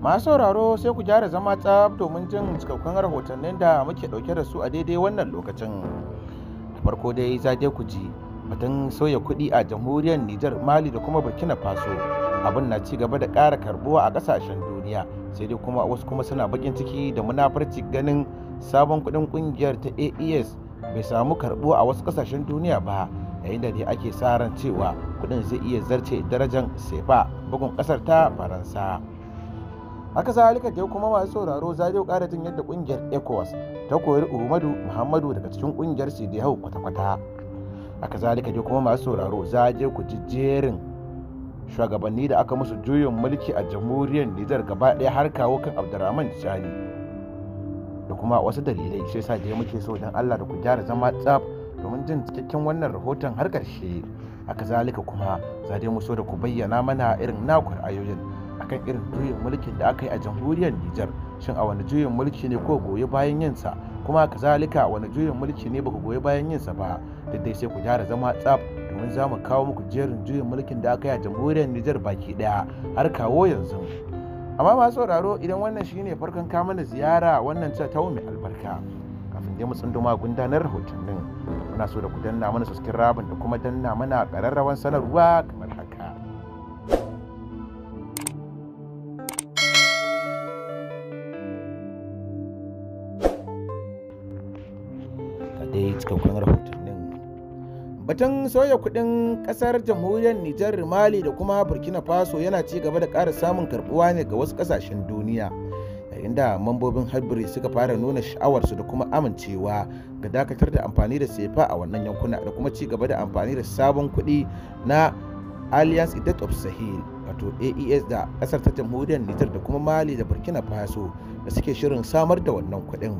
masu sauraro sai ku gyara zama tsab domin jin cikakkun rahotannin da muke ɗauke da su a daidai wannan lokacin farko dai za ku ji batun sauya kuɗi a jamhuriyar nijar mali da kuma burkina faso abin na ci gaba da ƙara karbuwa a ƙasashen duniya sai dai kuma wasu kuma suna bakin ciki da munafarci ganin sabon kuɗin ƙungiyar ta aes bai samu karbuwa a wasu ƙasashen duniya ba yayin da dai ake sa ran cewa kuɗin zai iya zarce darajar sefa bugun ƙasar ta faransa haka zalika dai kuma masu sauraro za zai kara jin yadda kungiyar ecowas ta koyar umaru muhammadu daga cikin kungiyar su da hau kwata-kwata haka zalika dai kuma masu sauraro za je ku ji jerin shugabanni da aka musu juyin mulki a jamhuriyar nijar gaba ɗaya har kawo kan abdurrahman jani da kuma wasu dalilai sai sa je muke so don allah da ku gyara zama tsaf domin jin cikakken wannan rahoton har ƙarshe haka zalika kuma za dai mu so da ku bayyana mana irin naku ra'ayoyin akan irin juyin mulkin da aka yi a jamhuriyar Nijar shin a wani juyin mulki ne ko goyi bayan yinsa kuma kazalika wani juyin mulki ne baka goyi bayan yinsa ba duk sai ku gyara zama tsaf domin za mu kawo muku jerin juyin mulkin da aka yi a jamhuriyar Nijar baki daya har kawo yanzu amma masu sauraro idan wannan shine farkon kamar da ziyara wannan ta tawo mai albarka kafin dai mu tsunduma gundanar rahotannin muna so da ku danna mana rabin da kuma danna mana kararrawan sanarwa dai cikakkun rahoton nan batun soya kudin kasar jamhuriyar nijar mali da kuma burkina faso yana ci gaba da kara samun karbuwa ne ga wasu kasashen duniya yayin da mambobin harbiri suka fara nuna sha'awarsu da kuma amincewa ga dakatar da amfani da sefa a wannan yankuna da kuma ci gaba da amfani da sabon kuɗi na alliance idat of sahel wato aes da kasar ta jamhuriyar nijar da kuma mali da burkina faso da suke shirin samar da wannan kuɗin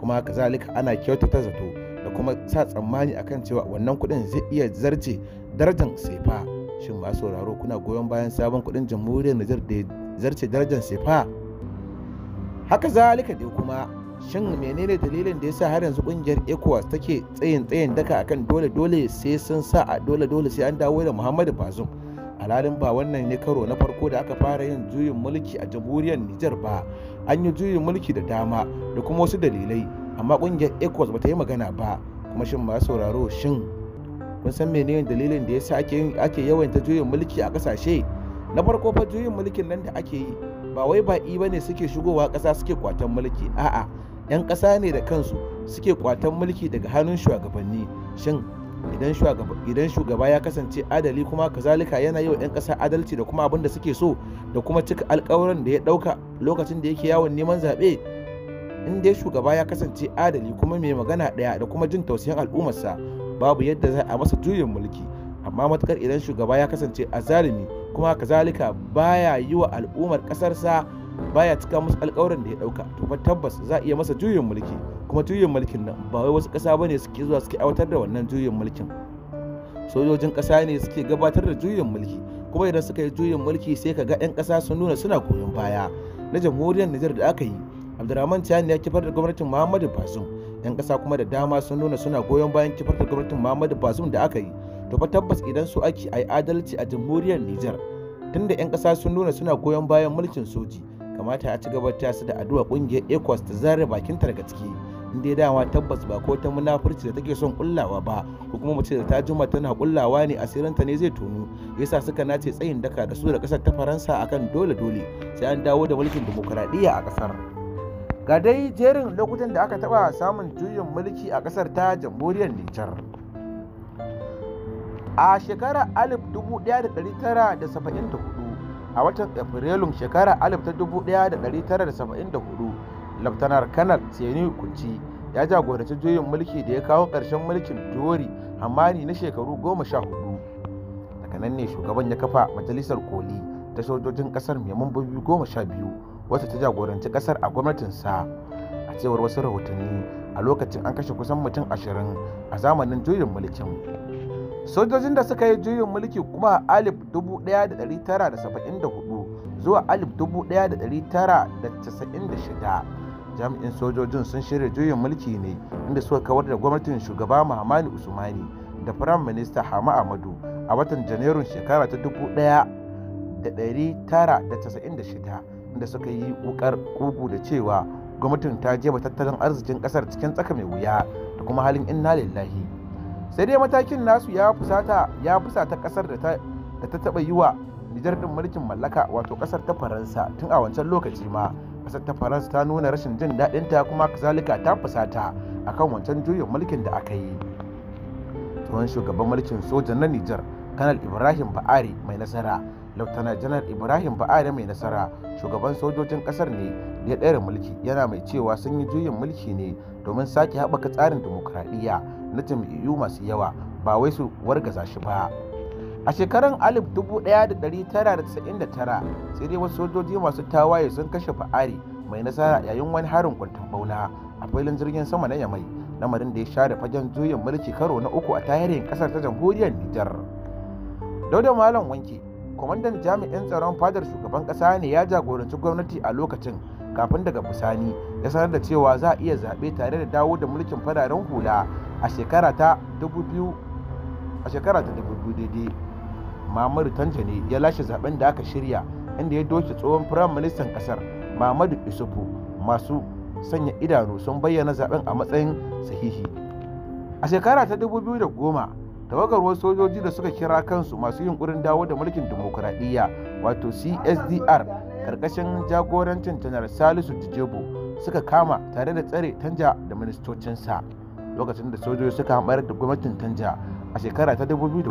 kuma kazalika ana kyautata zato kuma sa tsammani akan cewa wannan kuɗin zai iya zarce darajar sefa shin ba sauraro kuna goyon bayan sabon kuɗin jamhuriyar Nijar da zarce darajar sefa haka zalika dai kuma shin menene dalilin da yasa har yanzu kungiyar ECOWAS take tsayin tsayin daka akan dole dole sai sun sa a dole dole sai an dawo da Muhammadu Bazum alhalin ba wannan ne karo na farko da aka fara yin juyin mulki a jamhuriyar Nijar ba an yi juyin mulki da dama da kuma wasu dalilai amma kungiyar Ecos ba ta yi magana ba kuma shin ma sauraro shin kun san menene dalilin da yasa ake ake yawan ta juyin mulki a kasashe na farko fa juyin mulkin nan da ake yi ba wai baƙi ba ne suke shigowa ƙasa suke kwatan mulki a'a 'yan ƙasa ne da kansu suke kwatan mulki daga hannun shugabanni shin idan shugaba ya kasance adali kuma kazalika yana yau 'yan ƙasa adalci da kuma abin da suke so da kuma cika alƙawarin da ya ɗauka lokacin da yake yawon neman zaɓe in dai shugaba ya kasance adali kuma mai magana daya da kuma jin tausayin al'ummarsa babu yadda za a masa juyin mulki amma matukar idan shugaba ya kasance a azalimi kuma kazalika baya yi wa al'ummar kasarsa baya cika musu alkawarin da ya ɗauka to fa tabbas za a iya masa juyin mulki kuma juyin mulkin nan ba wai wasu ƙasa bane suke zuwa suke aiwatar da wannan juyin mulkin sojojin kasa ne suke gabatar da juyin mulki kuma idan suka yi juyin mulki sai ka ga 'yan kasa sun nuna suna koyon baya na jamhuriyar Nijar da aka yi abdurrahman tiyani ya kifar da gwamnatin muhammadu basum yan kasa kuma da dama sun nuna suna goyon bayan kifar da gwamnatin muhammadu basum da aka yi to fa tabbas idan su ake a adalci a jamhuriyar nijar tunda yan kasa sun nuna suna goyon bayan mulkin soji kamata a ci gaba ta su da addu'a kungiyar ecos ta zare bakin in dai dama tabbas ba ko ta munafurci da take son kullawa ba ko kuma mace da ta jima tana kullawa ne asirinta ne zai tonu yasa suka nace tsayin daka da su da kasar ta faransa akan dole dole sai an dawo da mulkin dimokuraɗiyya a kasar. ga dai jerin lokutan da aka taɓa samun juyin mulki a ƙasar ta jamhuriyar nijar a shekarar 1974 a watan afrilun shekarar 1974 laftanar kanar tseni kunci ya jagoranci juyin mulki da ya kawo ƙarshen mulkin dori hamani na shekaru goma sha hudu daga nan ne shugaban ya kafa majalisar koli ta sojojin ƙasar mai mambobi goma sha biyu wacce ta jagoranci kasar a gwamnatinsa a cewar wasu rahotanni a lokacin an kashe kusan mutum ashirin a zamanin juyin mulkin sojojin da suka yi juyin mulki kuma a alif 1974 zuwa 1996 jami'in sojojin sun shirya juyin mulki ne inda suka kawar da gwamnatin shugaba Muhammadu usmani da firayim minista hama amadu a watan janairun shekara ta 1996 da suka yi wukar kugu da cewa gwamnatin ta jeba tattalin arzikin kasar cikin tsaka mai wuya da kuma halin inna lillahi sai dai matakin nasu ya fusata ya fusata kasar da ta taba yi wa nijar din mulkin mallaka wato kasar ta faransa tun a wancan lokaci ma kasar ta faransa ta nuna rashin jin daɗin ta kuma kazalika ta fusata akan wancan juyin mulkin da aka yi tsohon shugaban mulkin sojan na nijar kanal ibrahim ba'ari mai nasara lautana janar ibrahim ba'ari mai nasara shugaban sojojin kasar ne da ya ɗaira mulki yana mai cewa sun yi juyin mulki ne domin sake haɓaka tsarin demokuraɗiyya na jam'iyyu masu yawa ba wai su wargaza shi ba a shekarun 1999 sai dai wasu sojoji masu tawaye sun kashe Ba'ari mai nasara yayin wani harin kwantar bauna a filin jirgin sama na yamai lamarin da ya share fagen juyin mulki karo na uku a tarihin kasar ta jamhuriyar nijar dauda malam wanke kwamandan jami'in tsaron fadar shugaban kasa ne ya jagoranci gwamnati a lokacin kafin daga bisani ya sanar da cewa za a iya zaɓe tare da dawo da mulkin fararen hula a shekara ta 2000 daidai mamadu tanjani ya lashe zaben da aka shirya inda ya doke tsohon firayim ministan ƙasar mamadu isufu masu sanya idanu sun bayyana zaben a matsayin sahihi a shekara ta 2010 tawagar sojoji da suka kira kansu masu yunkurin dawo da mulkin dimokuraɗiyya wato csdr ƙarƙashin jagorancin janar salisu dijebo suka kama tare da tsare tanja da ministocinsa lokacin da sojoji suka hamar da gwamnatin tanja a shekara ta 2010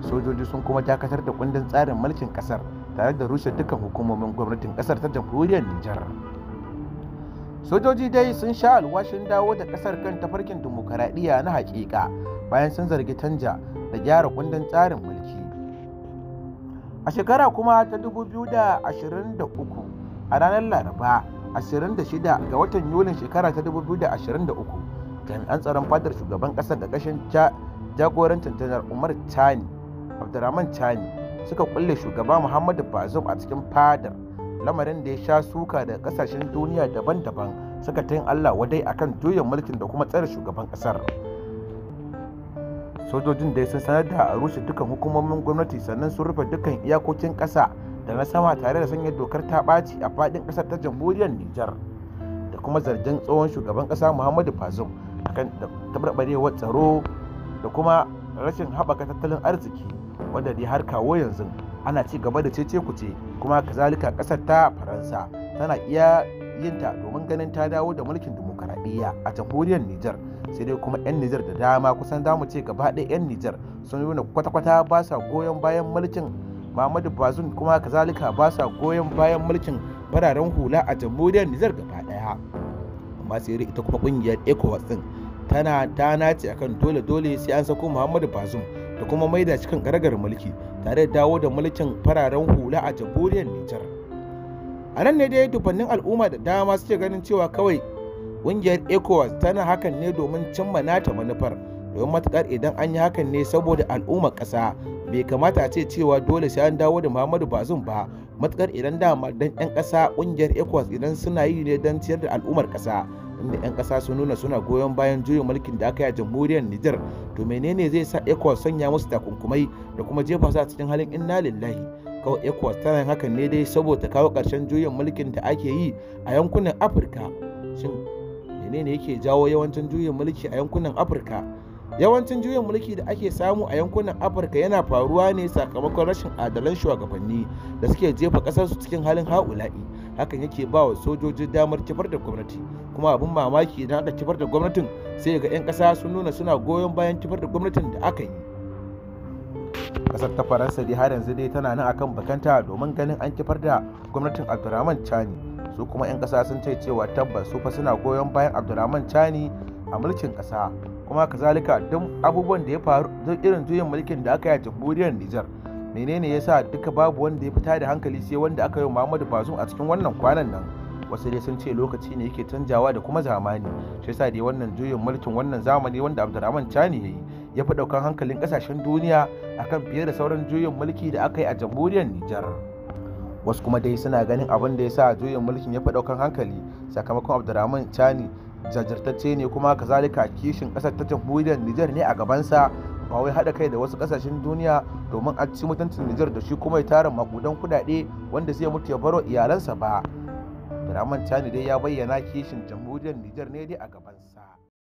sojoji sun kuma dakatar da kundin tsarin mulkin kasar tare da rushe dukkan hukumomin gwamnatin kasar ta jamhuriyar nijar sojoji dai sun sha alwashin dawo da kasar kan tafarkin dimokuraɗiyya na hakika. bayan sun zargi canja da gyara kundin tsarin mulki a shekara kuma ta 2023 a ranar laraba 26 ga watan yulin shekara ta 2023 jami'an tsaron fadar shugaban kasar da kashin jagorancin janar umar tani abdurrahman tani suka kulle shugaba muhammadu bazum a cikin fadar lamarin da ya sha suka da kasashen duniya daban-daban suka ta yin allah wadai akan juyin mulkin da kuma tsare shugaban kasar. sojojin da sun sanar da rushe dukkan hukumomin gwamnati sannan sun rufe dukkan iyakokin ƙasa da na sama tare da sanya dokar ta ɓaci a faɗin ƙasar ta jamhuriyar nijar da kuma zargin tsohon shugaban ƙasa muhammadu bazum akan tabarbarewar tsaro da kuma rashin haɓaka tattalin arziki wanda dai har kawo yanzu ana ci gaba da cece kuce kuma kazalika ƙasar ta faransa tana iya yinta domin ganin ta dawo da mulkin islamiyya a jamhuriyar Nijar sai dai kuma 'yan Nijar da dama kusan za mu ce gaba ɗaya 'yan Nijar sun nuna kwata-kwata ba sa goyon bayan mulkin Muhammadu Bazoum kuma kazalika ba sa goyon bayan mulkin fararen hula a jamhuriyar Nijar gaba ɗaya. Amma sai ita kuma ƙungiyar ECOWAS din tana ta nace akan dole dole sai an sako Muhammadu Bazoum da kuma maida cikin karagar mulki tare da dawo da mulkin fararen hula a jamhuriyar Nijar. a nan ne dai dubannin al'umma da dama suke ganin cewa kawai ƙungiyar ecowas tana hakan ne domin cimma nata manufar domin matukar idan an yi hakan ne saboda al'ummar kasa bai kamata a ce cewa dole sai an dawo da muhammadu bazum ba matukar idan dama dan 'yan kasa kungiyar ecowas idan suna yi ne don ciyar da al'ummar kasa inda 'yan kasa sun nuna suna goyon bayan juyin mulkin da aka yi a jamhuriyar niger to menene zai sa ecowas sanya musu takunkumai da kuma jefa su a cikin halin inna lillahi kawai ecowas tana yin hakan ne dai saboda kawo karshen juyin mulkin da ake yi a yankunan afirka menene yake jawo yawancin juyin mulki a yankunan afirka yawancin juyin mulki da ake samu a yankunan afirka yana faruwa ne sakamakon rashin adalan shugabanni da suke jefa ƙasarsu cikin halin ha'ula'i hakan yake ba wa sojoji damar kifar da gwamnati kuma abin mamaki idan aka kifar da gwamnatin sai ga 'yan kasa sun nuna suna goyon bayan kifar da gwamnatin da aka yi kasar ta faransa dai har yanzu dai tana nan akan bakanta domin ganin an kifar da gwamnatin abdurrahman chani su kuma 'yan kasa sun ce cewa tabbas su fa suna goyon bayan abdulrahman chani a mulkin kasa kuma kazalika duk abubuwan da ya faru duk irin juyin mulkin da aka yi a jamhuriyar nijar menene yasa duka babu wanda ya fita da hankali sai wanda aka yi muhammadu bazum a cikin wannan kwanan nan wasu dai sun ce lokaci ne yake canjawa da kuma zamani shi yasa dai wannan juyin mulkin wannan zamani wanda abdulrahman chani ya yi ya fi ɗaukan hankalin kasashen duniya akan fiye da sauran juyin mulki da aka yi a jamhuriyar nijar wasu kuma dai suna ganin abin da ya sa juyin mulkin ya fi ɗaukar hankali sakamakon abdurrahman chani jajirtacce ne kuma kazalika kishin kasar ta jamhuriyar nijar ne a gabansa ba wai hada kai da wasu kasashen duniya domin a ci mutuncin nijar da shi kuma ya tara makudan kudade wanda zai mutu ya baro iyalansa ba abdurrahman chani dai ya bayyana kishin jamhuriyar nijar ne dai a gabansa